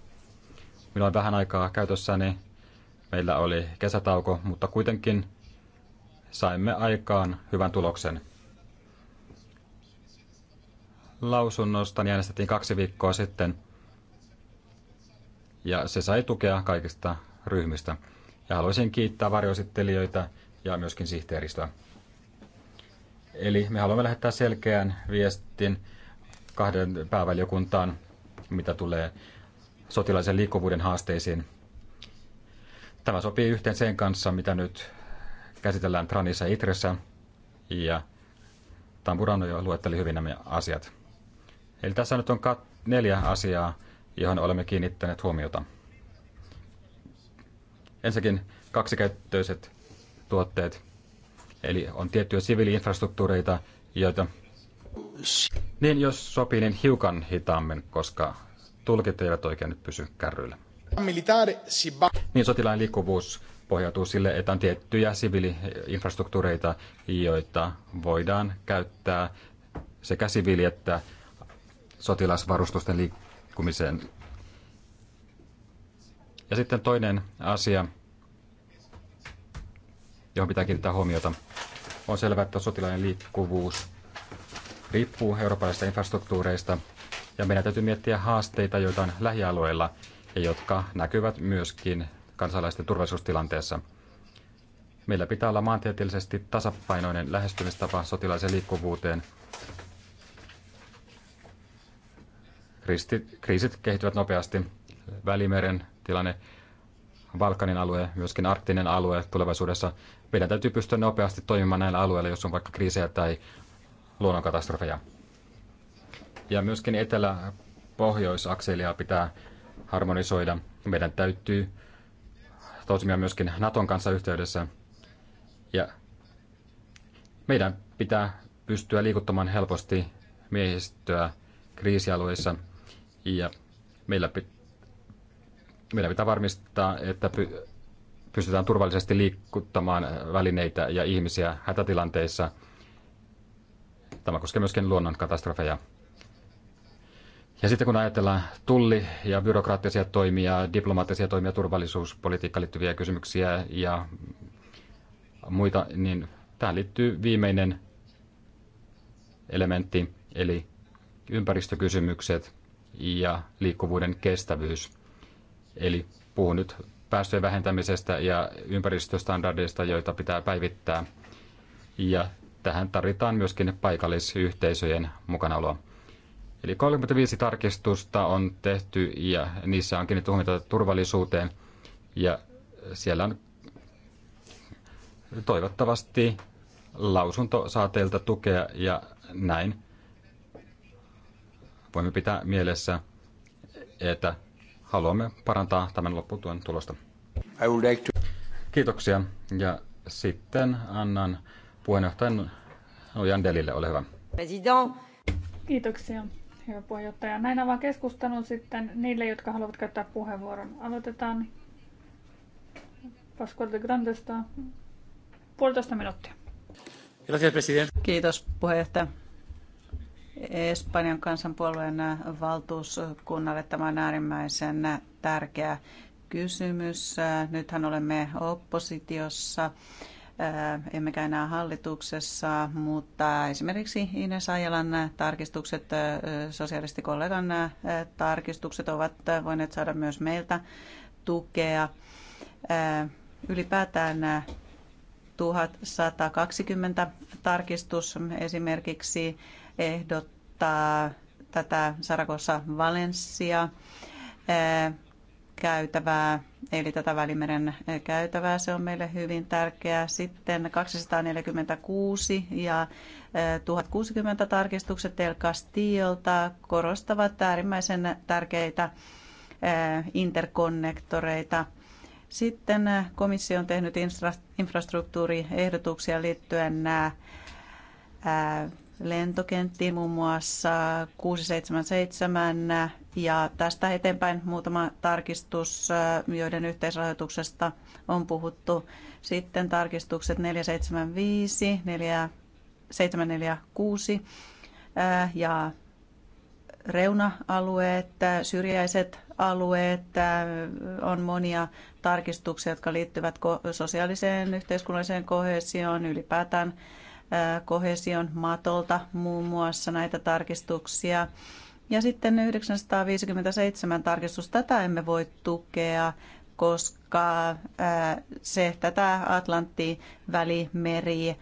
Minulla on vähän aikaa käytössäni. Meillä oli kesätauko, mutta kuitenkin saimme aikaan hyvän tuloksen. Lausunnosta äänestettiin kaksi viikkoa sitten ja se sai tukea kaikista ryhmistä. Ja haluaisin kiittää varjoesittelijöitä ja myöskin sihteeristöä. Eli me haluamme lähettää selkeän viestin kahden päävaliokuntaan, mitä tulee sotilaisen liikkuvuuden haasteisiin. Tämä sopii yhteen sen kanssa, mitä nyt käsitellään Tranissa Itressä, ja Tampurano jo luetteli hyvin nämä asiat. Eli tässä nyt on kat- neljä asiaa, johon olemme kiinnittäneet huomiota. Ensinnäkin kaksikäyttöiset tuotteet, eli on tiettyjä siviiliinfrastruktuureita, joita... Niin, jos sopii, niin hiukan hitaammin, koska tulkit eivät oikein nyt pysy kärryillä. Niin, sotilaan liikkuvuus pohjautuu sille, että on tiettyjä siviiliinfrastruktuureita, joita voidaan käyttää sekä siviili- että sotilasvarustusten liikkuvuus liikkumiseen. Ja sitten toinen asia, johon pitää kiinnittää huomiota. On selvää, että sotilaiden liikkuvuus riippuu eurooppalaisista infrastruktuureista, ja meidän täytyy miettiä haasteita, joita on lähialueilla ja jotka näkyvät myöskin kansalaisten turvallisuustilanteessa. Meillä pitää olla maantieteellisesti tasapainoinen lähestymistapa sotilaisen liikkuvuuteen, Kriisit, kriisit kehittyvät nopeasti. Välimeren tilanne, Balkanin alue, myöskin arktinen alue tulevaisuudessa. Meidän täytyy pystyä nopeasti toimimaan näillä alueilla, jos on vaikka kriisejä tai luonnonkatastrofeja. Ja myöskin etelä-pohjoisakselia pitää harmonisoida. Meidän täytyy toimia myöskin Naton kanssa yhteydessä. Ja meidän pitää pystyä liikuttamaan helposti miehistöä kriisialueissa ja meillä, pit- meillä pitää varmistaa, että py- pystytään turvallisesti liikuttamaan välineitä ja ihmisiä hätätilanteissa. Tämä koskee myöskin luonnonkatastrofeja. Ja sitten kun ajatellaan tulli- ja byrokraattisia toimia, diplomaattisia toimia, turvallisuuspolitiikkaan liittyviä kysymyksiä ja muita, niin tähän liittyy viimeinen elementti, eli ympäristökysymykset – ja liikkuvuuden kestävyys. Eli puhun nyt päästöjen vähentämisestä ja ympäristöstandardeista, joita pitää päivittää. Ja tähän tarvitaan myöskin paikallisyhteisöjen mukanaoloa. Eli 35 tarkistusta on tehty ja niissä onkin kiinnitetty huomiota turvallisuuteen. Ja siellä on toivottavasti lausunto saa teiltä tukea ja näin voimme pitää mielessä, että haluamme parantaa tämän lopputuen tulosta. I would like to... Kiitoksia. Ja sitten annan puheenjohtajan Ojan Delille, ole hyvä. President. Kiitoksia, hyvä puheenjohtaja. Näin avaan keskustelun sitten niille, jotka haluavat käyttää puheenvuoron. Aloitetaan Pascual de Grandesta puolitoista minuuttia. Kiitos puheenjohtaja. Espanjan kansanpuolueen valtuuskunnalle. Tämä on äärimmäisen tärkeä kysymys. Nythän olemme oppositiossa, emmekä enää hallituksessa, mutta esimerkiksi Ines Ajalan tarkistukset, sosialistikollegan tarkistukset ovat voineet saada myös meiltä tukea. Ylipäätään 1120 tarkistus esimerkiksi ehdottaa tätä Saragossa Valencia eh, käytävää, eli tätä Välimeren eh, käytävää. Se on meille hyvin tärkeää. Sitten 246 ja 1060 eh, tarkistukset El Castillolta korostavat äärimmäisen tärkeitä interkonnektoreita. Sitten komissio on tehnyt infrastruktuuriehdotuksia liittyen lentokenttiin muun muassa 677 ja tästä eteenpäin muutama tarkistus, joiden yhteisrahoituksesta on puhuttu. Sitten tarkistukset 475, 746 ja reuna-alueet, syrjäiset alueet, on monia tarkistuksia, jotka liittyvät sosiaaliseen yhteiskunnalliseen kohesioon ylipäätään kohesion matolta muun muassa näitä tarkistuksia. Ja sitten 957 tarkistus, tätä emme voi tukea, koska se tätä Atlantin välimeri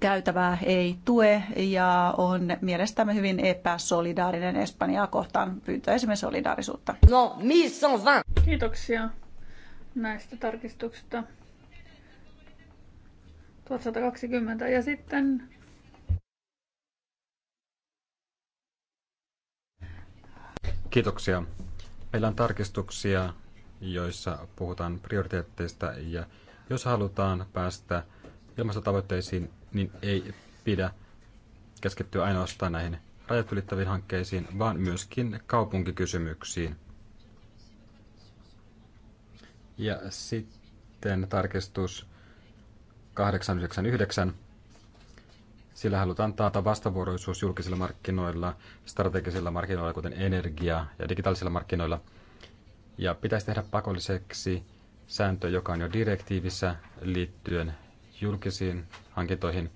käytävää ei tue ja on mielestämme hyvin epäsolidaarinen Espanjaa kohtaan. Pyytäisimme solidaarisuutta. No, missä on Kiitoksia näistä tarkistuksista. 1120 ja sitten Kiitoksia. Meillä on tarkistuksia, joissa puhutaan prioriteetteista ja jos halutaan päästä ilmastotavoitteisiin, niin ei pidä keskittyä ainoastaan näihin rajat ylittäviin hankkeisiin, vaan myöskin kaupunkikysymyksiin. Ja sitten tarkistus 899. Sillä halutaan taata vastavuoroisuus julkisilla markkinoilla, strategisilla markkinoilla, kuten energia- ja digitaalisilla markkinoilla. Ja pitäisi tehdä pakolliseksi sääntö, joka on jo direktiivissä liittyen julkisiin hankintoihin.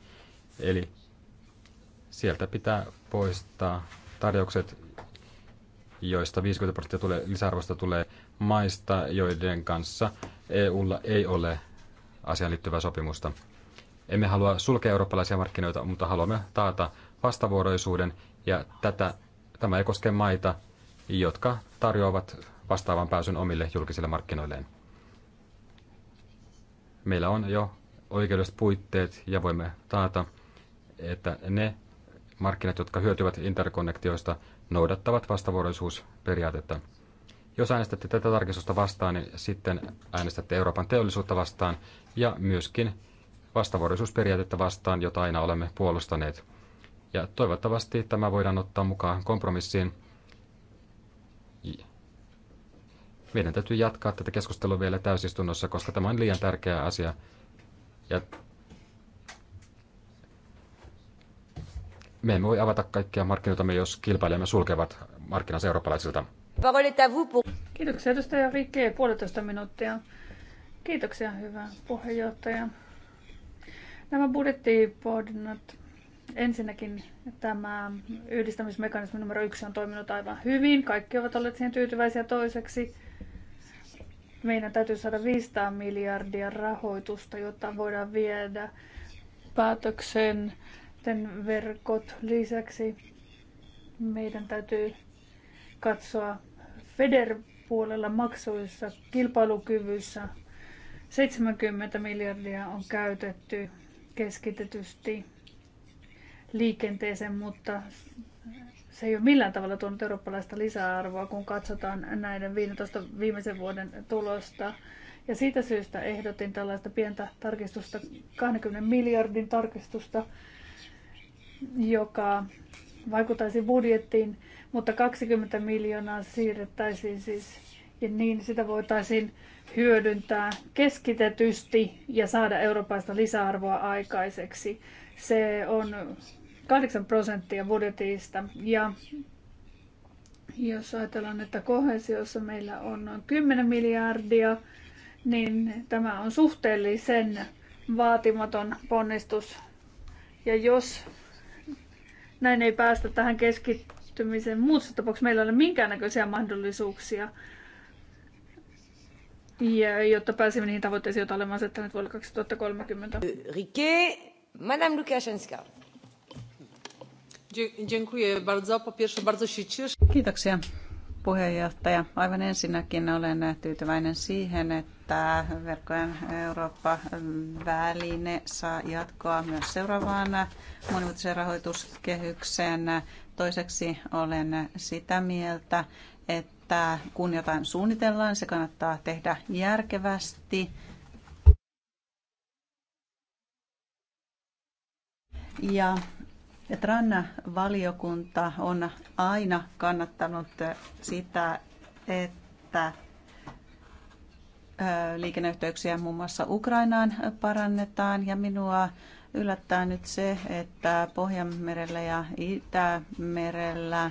Eli sieltä pitää poistaa tarjoukset, joista 50 prosenttia tulee, lisäarvosta tulee maista, joiden kanssa EUlla ei ole asiaan liittyvää sopimusta. Emme halua sulkea eurooppalaisia markkinoita, mutta haluamme taata vastavuoroisuuden ja tätä, tämä ei koske maita, jotka tarjoavat vastaavan pääsyn omille julkisille markkinoilleen. Meillä on jo oikeudelliset puitteet ja voimme taata, että ne markkinat, jotka hyötyvät interkonnektioista, noudattavat vastavuoroisuusperiaatetta – jos äänestätte tätä tarkistusta vastaan, niin sitten äänestätte Euroopan teollisuutta vastaan ja myöskin vastavuoroisuusperiaatetta vastaan, jota aina olemme puolustaneet. Ja toivottavasti tämä voidaan ottaa mukaan kompromissiin. Meidän täytyy jatkaa tätä keskustelua vielä täysistunnossa, koska tämä on liian tärkeä asia. Ja me emme voi avata kaikkia markkinoita, jos kilpailijamme sulkevat markkinansa eurooppalaisilta. Parole est à vous pour... Kiitoksia edustaja Rike, puolitoista minuuttia. Kiitoksia hyvä puheenjohtaja. Nämä budjettipohdinnat, ensinnäkin tämä yhdistämismekanismi numero yksi on toiminut aivan hyvin. Kaikki ovat olleet siihen tyytyväisiä toiseksi. Meidän täytyy saada 500 miljardia rahoitusta, jotta voidaan viedä päätöksen verkot lisäksi. Meidän täytyy katsoa FEDER-puolella maksuissa, kilpailukyvyssä. 70 miljardia on käytetty keskitetysti liikenteeseen, mutta se ei ole millään tavalla tuonut eurooppalaista lisäarvoa, kun katsotaan näiden 15 viimeisen vuoden tulosta. Ja siitä syystä ehdotin tällaista pientä tarkistusta, 20 miljardin tarkistusta, joka vaikuttaisi budjettiin mutta 20 miljoonaa siirrettäisiin siis, ja niin sitä voitaisiin hyödyntää keskitetysti ja saada Euroopasta lisäarvoa aikaiseksi. Se on 8 prosenttia budjetista ja jos ajatellaan, että kohesiossa meillä on noin 10 miljardia, niin tämä on suhteellisen vaatimaton ponnistus. Ja jos näin ei päästä tähän keskittymiseen, yhdistymisen. Muussa tapauksessa meillä ei ole minkäännäköisiä mahdollisuuksia, ja, jotta pääsemme niihin tavoitteisiin, joita olemme asettaneet vuonna 2030. Rike, Madame Lukashenska. Dziękuję bardzo. Po pierwsze, bardzo się Kiitoksia puheenjohtaja. Aivan ensinnäkin olen tyytyväinen siihen, että verkkojen Eurooppa-väline saa jatkoa myös seuraavaan monivuotiseen rahoituskehykseen. Toiseksi olen sitä mieltä, että kun jotain suunnitellaan, se kannattaa tehdä järkevästi. Ja TRAN-valiokunta on aina kannattanut sitä, että liikenneyhteyksiä muun muassa Ukrainaan parannetaan ja minua yllättää nyt se, että Pohjanmerellä ja Itämerellä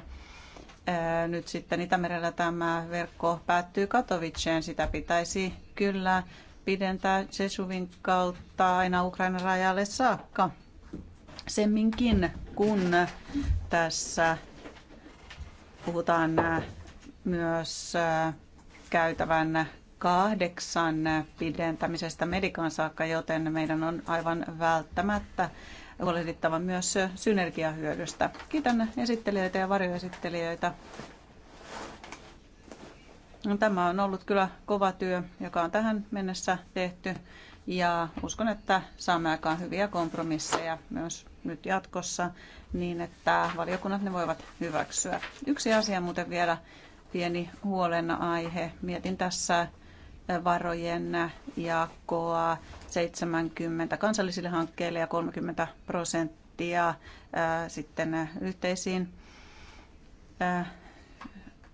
nyt sitten Itämerellä tämä verkko päättyy Katowiceen. Sitä pitäisi kyllä pidentää Sesuvin kautta aina Ukrainan rajalle saakka. Semminkin kun tässä puhutaan myös käytävän kahdeksan pidentämisestä medikaan saakka, joten meidän on aivan välttämättä huolehdittava myös synergiahyödystä. Kiitän esittelijöitä ja varjoesittelijöitä. No, tämä on ollut kyllä kova työ, joka on tähän mennessä tehty ja uskon, että saamme aikaan hyviä kompromisseja myös nyt jatkossa niin, että valiokunnat ne voivat hyväksyä. Yksi asia muuten vielä pieni huolenaihe. Mietin tässä varojen jakoa, 70 kansallisille hankkeille ja 30 prosenttia sitten yhteisiin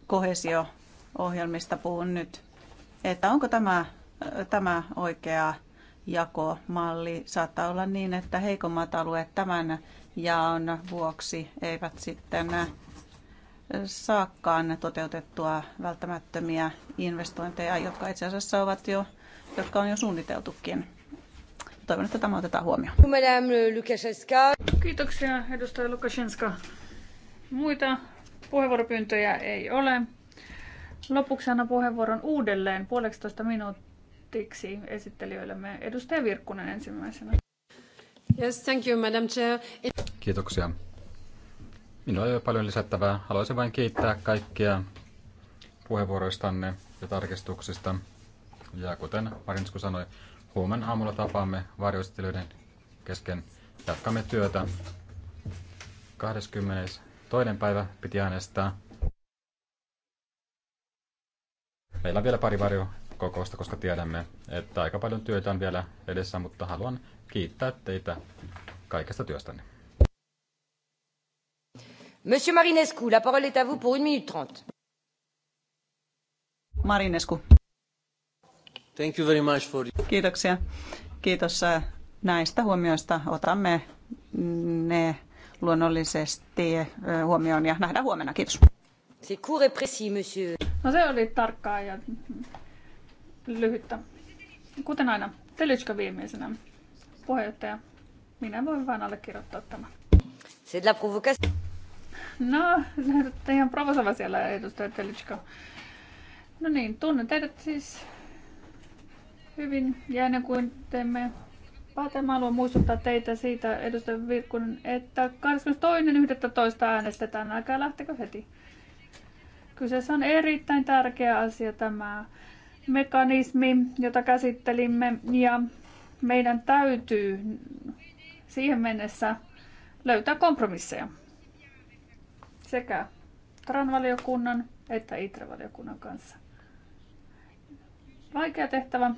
kohesio-ohjelmista puhun nyt. Että onko tämä, tämä oikea jakomalli? Saattaa olla niin, että heikommat alueet tämän jaon vuoksi eivät sitten saakkaan toteutettua välttämättömiä investointeja, jotka itse asiassa ovat jo, jotka on jo suunniteltukin. Toivon, että tämä otetaan huomioon. Kiitoksia edustaja Lukashenska. Muita puheenvuoropyyntöjä ei ole. Lopuksi annan puheenvuoron uudelleen puoleksitoista minuuttiksi esittelijöillemme. Edustaja Virkkunen ensimmäisenä. Yes, thank you, Madam Chair. Kiitoksia Minulla ei ole paljon lisättävää. Haluaisin vain kiittää kaikkia puheenvuoroistanne ja tarkistuksista. Ja kuten Marinsku sanoi, huomenna aamulla tapaamme varjoistelijoiden kesken. Jatkamme työtä. 22. päivä piti äänestää. Meillä on vielä pari varjokokousta, koska tiedämme, että aika paljon työtä on vielä edessä, mutta haluan kiittää teitä kaikesta työstänne. Monsieur Marinescu, la parole est à vous pour une minute trente. Marinescu. Thank you very much for... Kiitoksia. Kiitos äh, näistä huomioista. Otamme ne luonnollisesti äh, huomioon ja nähdään huomenna. Kiitos. C'est court et précis, monsieur. No se oli tarkkaa ja lyhyttä. Kuten aina, Telitska viimeisenä. Puheenjohtaja, minä voin vain allekirjoittaa tämän. C'est de la provocation. No, näytätte <laughs> ihan provosava siellä, edustaja Telitschka. No niin, tunnen teidät siis hyvin. Ja ennen kuin teemme päätelmä, haluan muistuttaa teitä siitä, edustaja Virkkunen, että 22.11. äänestetään. Älkää lähtekö heti. Kyseessä on erittäin tärkeä asia tämä mekanismi, jota käsittelimme. Ja meidän täytyy siihen mennessä löytää kompromisseja sekä TRAN-valiokunnan että ITRE-valiokunnan kanssa. Vaikea tehtävä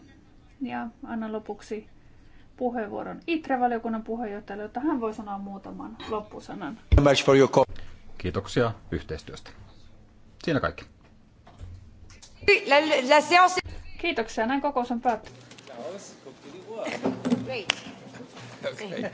ja annan lopuksi puheenvuoron ITRE-valiokunnan puheenjohtajalle, jotta hän voi sanoa muutaman loppusanan. Kiitoksia yhteistyöstä. Siinä kaikki. Kiitoksia, näin kokous on päättynyt. <laughs> Okay.